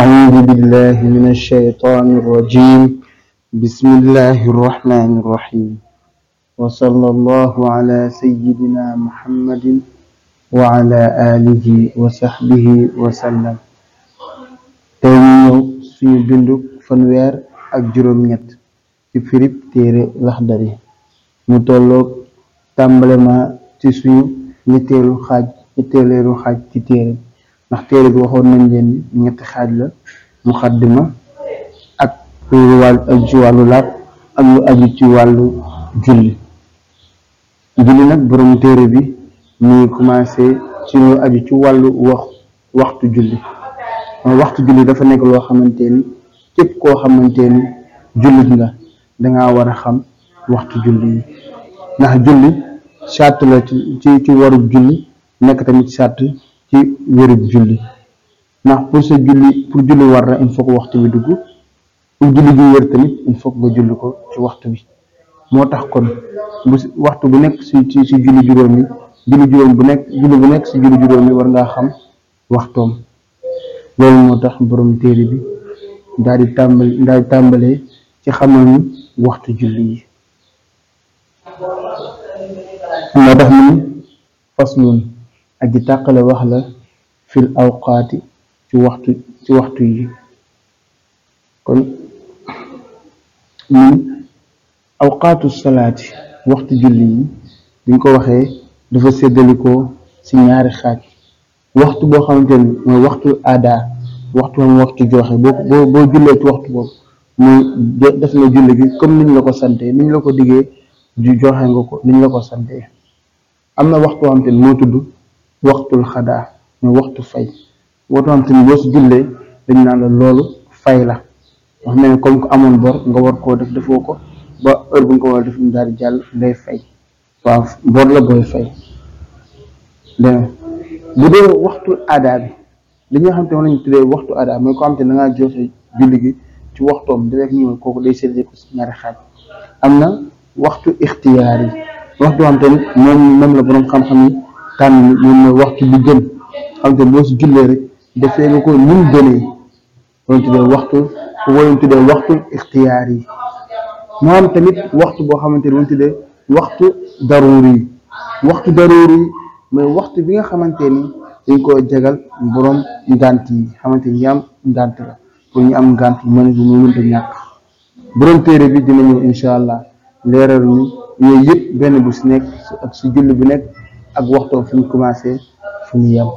أعوذ بالله من الشيطان الرجيم بسم الله الرحمن الرحيم وصلى الله على سيدنا محمد وعلى آله وصحبه وسلم tey ñu ñëw suñu bindu fanweer ak juróom-ñett ci firib téere Laxdari mu tolloog tàmbale ma ci suñu ñetteelu xaaj ñetteeleelu xaaj ci téere ndax téere bi waxoon nañ leen ñetti xaaj la muqaddima ak lu wàllu ci wàllu laab ak lu aju ci wàllu julli julli nag borom téere bi muy commencé ci lu aju ci wàllu wax waxtu julli waxtu julli dafa nekk loo xamante ni képp koo xamante ni jullit la danga war a xam waxtu julli yi ndax julli sàrt la ci ci waru julli nekk tamit sàrt ci wéru julli ndax pour sa julli pour julli war na il faut waxtu bi dugg pour julli tamit il faut que ko waxtu bi moo tax kon bu waxtu bu nekk si ci si julli juróom yi julli bu nekk julli bu nekk si julli juróom yi war ngaa xam waxtoom loolu moo tax boroom téere bi daal di tàmbali daal tàmbalee ci xamal ni waxtu julli yi moo tax mu ni faslun ak ji tàqale wax la fil awqaati ci waxtu ci waxtu yi kon mun awqaatu salaati waxtu julli yi diñ ko waxee dafa séddalikoo ci ñaari xaaj waxtu boo xamante ni mooy waxtu aada waxtu am waxtu joxe boo boo ci waxtu boobu muy def na julli bi comme niñ la ko sante niñ la ko diggee joxe nga ko niñ la ko sante am na waxtu xamante ni moo tudd waxtu xadaa mooy waxtu fay waxtu am tamit boo si jullee dañ naa la loolu fay la wax ne comme amoon bor nga war koo def defoo ko ba ko war a daal di jàll day fay waaw bor la booy fay dégg bu dee waxtul bi li nga xam te moom waxtu adaa mooy ko xam te ci waxtoom direct nii kooku day séddale ko am na waxtu ixtiyaar yi waxtu xam moom la borom xam-xam yi tànn ñun waxtu bi gën xam te boo si jullee rek defee nga ko ñun gënee loolu tuddee waxtu waxtu ixtiyaar yi mu am tamit waxtu boo xamante ne woon tuddee waxtu daruur yi waxtu daruur yi mooy waxtu bi nga xamante ni dañ koo jagal borom ngant yi xamante ñi am ngant la pour ñu am ngant mën bu ñàkk borom téere bi dina ñëw incha allah leeral ñu yooyu benn bu si nekk si julli bu nekk ak waxtoo fi mu commencé fu mu yem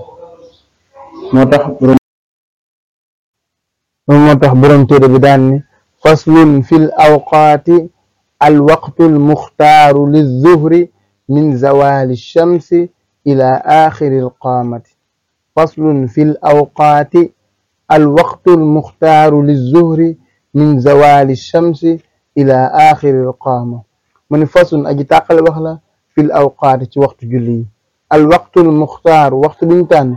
moo tax borom moo tax borom téere bi daan ni faslun fil awqaati al waqtu al muxtaaru lizuhri min zawali shamsi ila axiri al qaamati faslun fil awqaati al waqtu al muxtaaru lizuhri min zawali shamsi ila axiri al qaama mu ni faslun aji tàqale wax la fil awqaati ci waxtu julli yi al waqtul muxtaar waxtu bi ñu tànn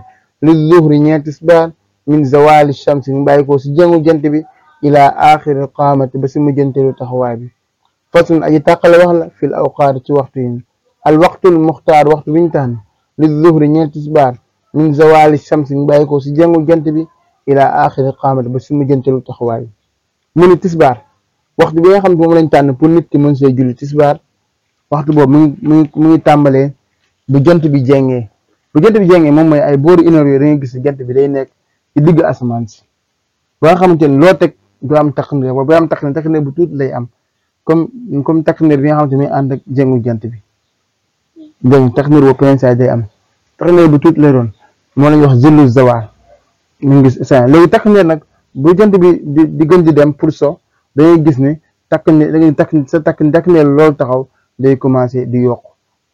li zuhri ñee tisbaar min zawali shamsi mu bàyyi ko si jëngu jant bi ila axiri qaamati ba si mujjanteelu taxawaay bi faslun aji tàqale wax la fil awqaati ci waxtu yi al waqtul muxtaar waxtu bi ñu tànn li zuhri ñee tisbaar min zawali shamsi mu bàyyi ko si jëngu jant bi ila axiri qaamati ba si mujjanteelu taxawaay bi mu ni tisbaar waxtu bi nga xam ne moom lañ tànn pour nit ki mën see julli tisbaar waxtu boobu mu ngi mu ngi mu ngi tàmbalee bu jant bi jengee bu jant bi jengee moom mooy ay booru une heure yooyu da ngay gis jant bi day nekk digg asamaan si xamante ne loo teg du am takkandeer wala bu am takkandeer takkandeer bu tuuti lay am comme comme takkandeer bi nga xamante ne ànd ak jengu jant bi dégg nga takkandeer day am takkandeer bu tuuti lay doon moo lañuy wax zillu zawaar mu ngi gis saa léegi takkandeer nag bu jant bi di di gën di dem pour so dañuy gis ne takkandeer da ngay takk sa takkandeer loolu taxaw. day commencé di yok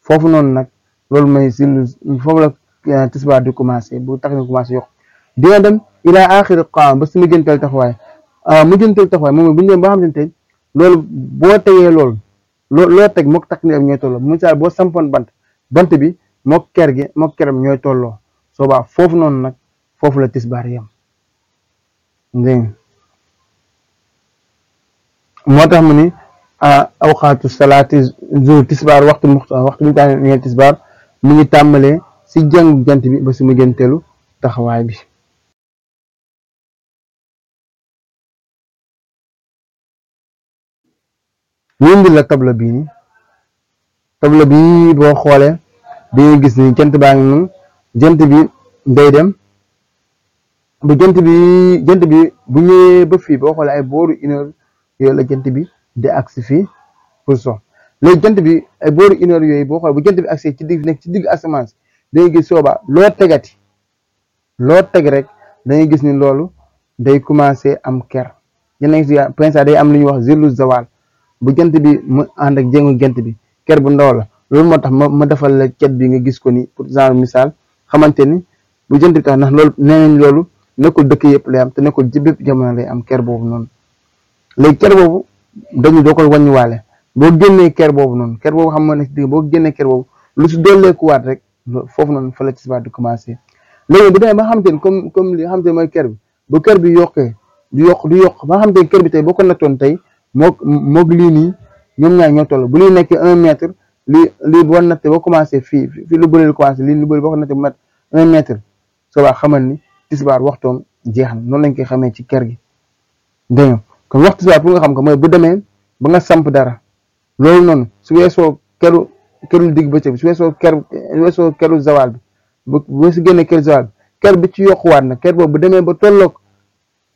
foofu noonu nag loolu mooy sunu foofu la euh, tisbaar di commencé bu tax ni yok yokk dina dem ila axiri qaam ba si mujjantal taxawaay euh, mujjantal taxawaay moom bu ñu dem ba xam ne loolu boo tegee lool lool loo teg mok takk ni am ñooy tolloo misaal boo sampoon bant bant bi mook ker gi mook keram ñooy tolloo soobaa foofu noonu nag foofu la tisbaar yam dégg moo tax mu Ah, awqaatu salaati zuhr tisbaar waxtu muxtaar ah, waxtu bi taa ñeel tisbaar mu ngi tàmbalee si jàngu jant bi ba si mu jënteelu taxawaay bi ñun di la tabla bii ni tabla bii boo xoolee dañuy gis ni jant baa ngi noonu jant bi day dem bu jant bi jant bi bu ñëwee ba fii boo xoolee ay booru une yooyu la jant bi de agsi fii pour so léegi jant bi ay booru une yooyu boo xoolee bu jant bi agsi ci digg nekk ci digg asamaan si dañuy gis sooba loo tegati loo teg rek dañuy gis ni loolu day commencé am ker yenn gis pensa day am lu ñuy wax zillu zawal bu jant bi mu ànd ak jéngu jant bi ker bu ndaw la loolu moo tax ma ma defal la cet bi nga gis ko ni pour genre misaal xamante ni bu jant bi tax ndax loolu nee nañ nekkul dëkk yëpp lay am te nekkul ci bépp jamono lay am ker boobu noonu léegi ker boobu dañu doo koy waale boo génnee ker boobu noonu ker boobu xam nga ne si digg boo génnee ker boobu lu si dooleekuwaat rek foofu noonu fa la ci sibaat di commencé léegi bu demee ba xamante ni comme comme li xamante ni mooy ker bi bu ker bi yokkee yokk du yokk ba nga xamante ni ker bi tey ko nattoon tey moog moog lii nii ñoom ñaar ñoo toll bu lii nekkee un mètre lii lii boo nattee boo commencé fii fii lu bëri lu commencé lii lu boo ko nattee bu mat un mètre soo baa xamal ni tisbaar waxtoom jeex na noonu lañ koy xamee ci ker gi dégg kon waxtu bi pour nga xam ko mooy bu demee ba nga samp dara loolu su weesoo keru kerul digg bëccëg su weesoo ker weesoo keru bi bu weesu génne bi ci yokkuwaat na ker boobu bu demee ba tolloog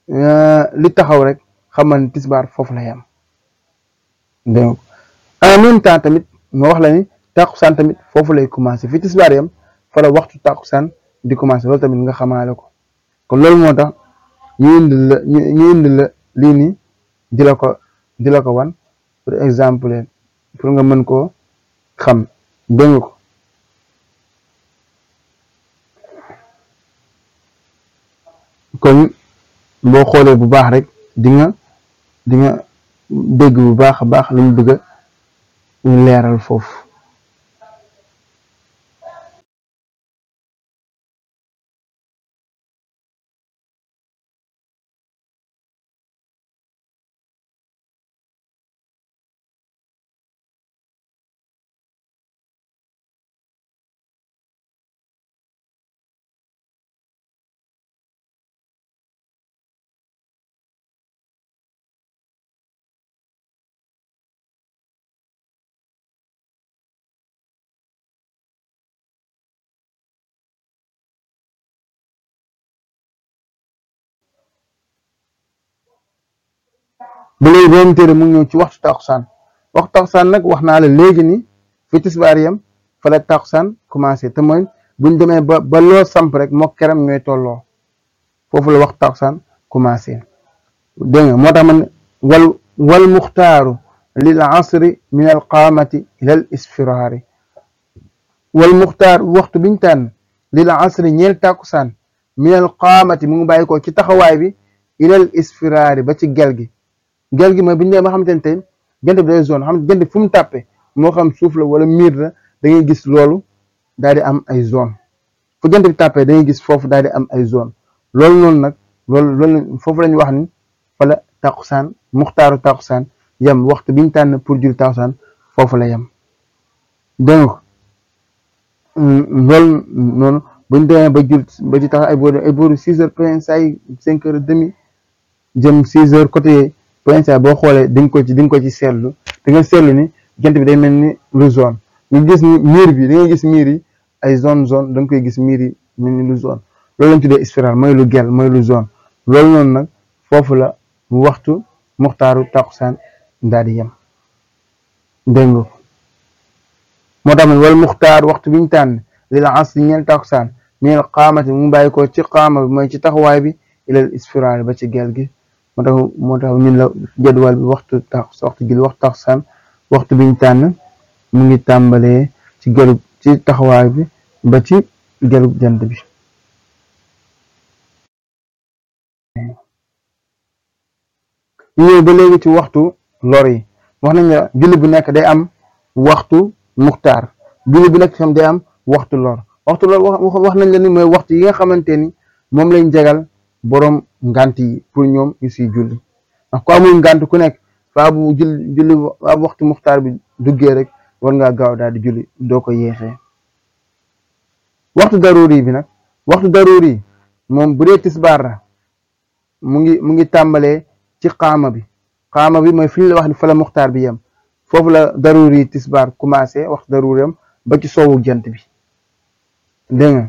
euh, li taxaw rek xamal foofu la yam donc en même temps tamit ma wax la ni tàkkusaan foofu lay commencé fi tisbaar yam fa la waxtu di commencé loolu tamit nga xamaale ko kon loolu moo tax ñu indi la ñu indi la lii nii di la ko di ko wan pour exemple pour nga mën koo xam dégg nga ko kon boo xoolee bu baax rek dinga dinga di dégg bu baax a baax lu mu bëgg leeral foofu ba léegi borom téere mu ngi ñëw ci waxtu tàkkusaan waxtu tàkkusaan nag wax naa la léegi ni fi tisbaar yam fa la tàkkusaan commencé te mooy buñ demee ba ba samp rek moo keram ñooy tolloo foofu la waxtu tàkkusaan commencé dégg moo tax man wal wal muxtaaru lil asri min al qaamati ila al isfiraari wal muxtaar waxtu biñ tànn lil asri ñeel tàkkusaan min al qaamati mu ngi ko ci taxawaay bi ilal isfiraari ba ci gel gi gel gi mooy bu ñu demee ba xam ne tey jant bi day zone xam jant fu mu tàppe moo xam suuf la wala miir la da ngay gis loolu daal di am ay zone fu jant bi tàppee da gis foofu daal di am ay zone loolu noonu nag loolu loolu foofu la ñu wax ni fa la tàkkusaan muxtaaru tàkkusaan yem waxtu bi ñu tànn pour julli tàkkusaan foofu la yem donc mm, loolu noonu bu ba jul ba ci tax ay booru ay booru six heures près saa cinq heures demi jëm six heures côté point ça boo xoolee di ko ci di nga ko ci seetlu di nga seetlu ni jant bi day mel ni lu zone nga gis ni miir bi da nga gis miir yi ay zone zone da nga koy gis miir yi mel ni lu zone loolu lañ tuddee spirale mooy lu gel mooy lu zone loolu noonu nag foofu la waxtu muxtaaru takusaan daal di yem dégg nga ko moo tax wala muxtaar waxtu bi ñu la lil asri ñeel takusaan ñeel qaamati mu bàyyi ko ci qaama bi mooy ci taxawaay bi ilal spirale ba ci gel gi moo tax moo tax ñun la jadwal bi waxtu tax waxtu jul waxtu tax sam waxtu biñ tànn mu ngi tàmbalee ci gerub ci taxawaay bi ba ci gerub jant bi ñëw ba léegi ci waxtu lor yi wax nañ la julli bu nekk day am waxtu muxtaar julli bu nekk xam day am waxtu lor waxtu lor wax nañ la ni mooy waxtu yi nga xamante ni moom lañ jagal boroom ngant yi pour ñoom ñu siy julli ndax ku amul ngant ku nekk faa bu jul julli faa waxtu muxtaar bi duggee rek war ngaa gaaw daal di julli doo ko yeexee waxtu daruuri bi nag waxtu daruuri moom bu dee tisbaar la mu ngi mu ngi tàmbalee ci xaama bi xaama bi mooy fi ñu wax ni fa la bi yam foofu la daruuri tisbaar commencé waxtu daruuri am ba ci soowu jant bi dégg nga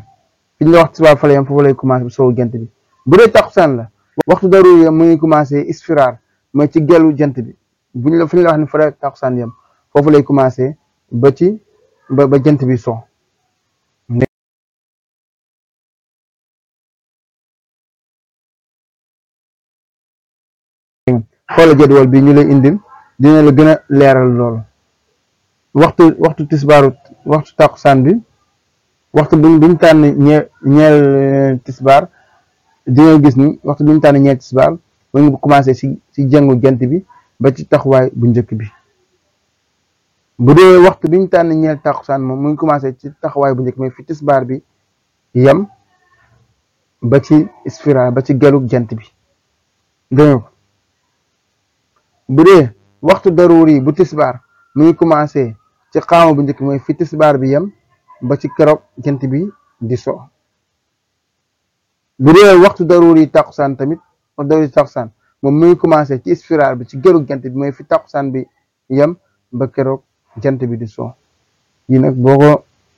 fi ñu la wax tisbaar fa la yem foofu lay commencé soowu jant bi bu dee taxusaan la waxtu daruya mu ngi commencé isfiraar mooy ci gelu jant bi buñ la fu ñu la wax ne fa la taxusaan yam foofu lay commencé ba ci ba ba jant bi so xoola bi ñu la indil dina la gën a leeral loolu waxtu waxtu tisbaaru waxtu taxusaan bi waxtu buñ buñ tànn ñeel ñeel tisbaar di nga gis ni waxtu bi ñu tànn ñeenti tisbaar mu ngi commencé si si jàngu jant bi ba ci taxawaay bu njëkk bi bu dee waxtu bi ñu tànn ñeel taxusaan moom mu ngi commencé ci taxawaay bu njëkk bi fi tisbaar bi yem ba ci isfira ba ci gelu jant bi dégg nga bu dee waxtu daruuri bu tisbaar mu ngi commencé ci xaama bu njëkk mooy fi tisbaar bi yem ba ci keroog jant bi di so bu dee waxtu daruri takkusaan tamit daruri takkusaan moom muy commencé ci spiral bi ci gëru jant bi mooy fi takkusaan bi yam ba keroog jant bi di so yi nag boo ko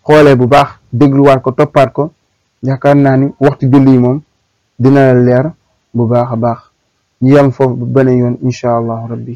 xoolee bu baax dégluwaat ko toppaat ko yaakaar naa ni waxtu julli yi moom dina la leer bu baax a baax ñu yem foofu ba beneen yoon incha allahu rabbi